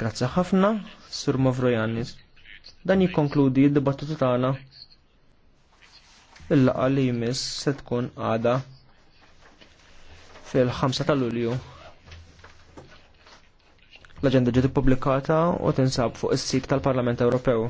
Grazzi ħafna, Sur Mavrojanis. Dan jikkonkludi d-dibattitu tagħna. Il-laqa li jmiss se tkun għada fil-5 ta' Lulju. L-aġenda ġiet ippubblikata u tinsab fuq is-sit tal-Parlament Ewropew.